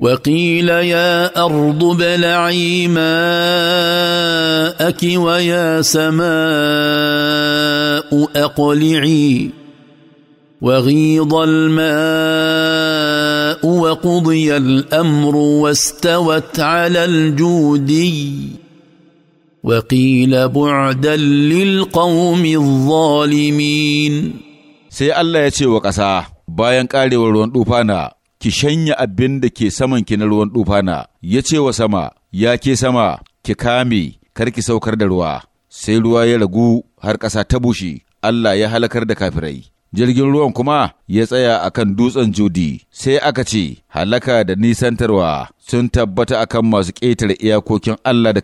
وقيل يا أرض بلعي ماءك ويا سماء أقلعي وغيض الماء وقضي الأمر واستوت على الجودي وقيل بعدا للقوم الظالمين سي الله يتي وقساه باين قاري ورون ki shanya abin da ke saman ki na ruwan dufana ya ce wa sama ya ke sama ki kame kar ki saukar da ruwa sai ruwa ya ragu har ƙasa ta bushe Allah ya halakar da kafirai jirgin ruwan kuma ya tsaya akan dutsen judi sai aka ce halaka da nisantarwa sun tabbata akan masu ƙetare iyakokin Allah da